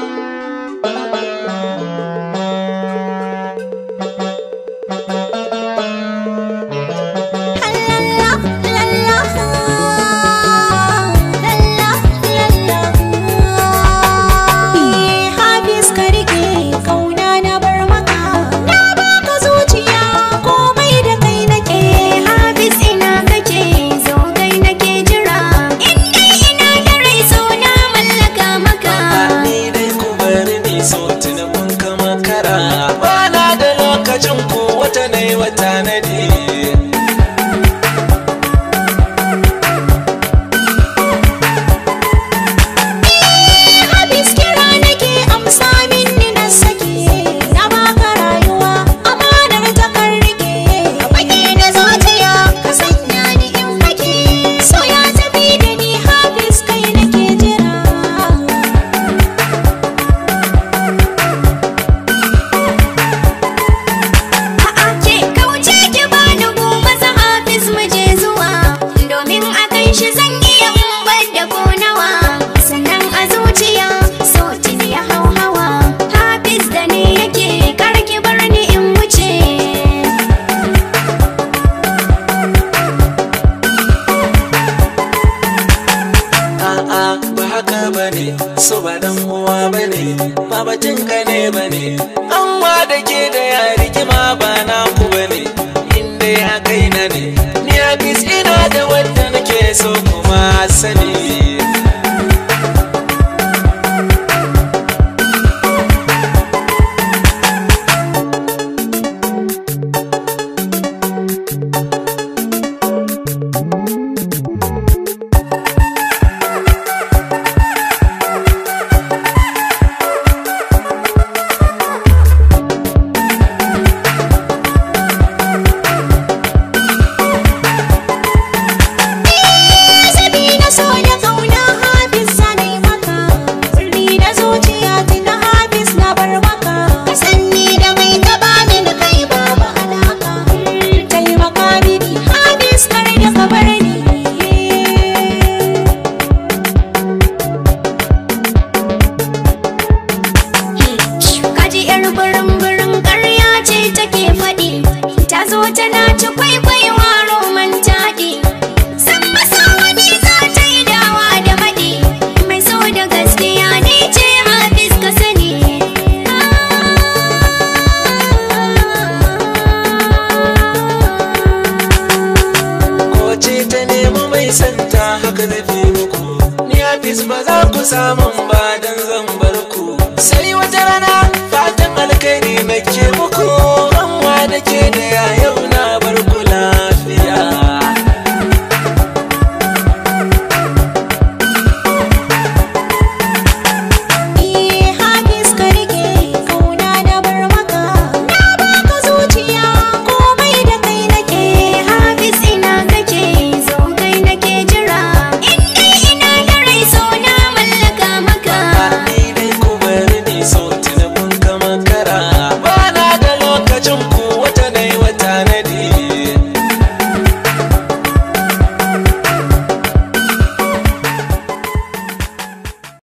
Thank you. wata ne wata bane su ba dan uwa bane ba batun ka ne bane amma da ke da ya rigima ba na ku bane inda ya kai na ne ni a ina da wadda nake so kuma sani mai santa haka na fi muku ni hafiz ba za ku samun ba dan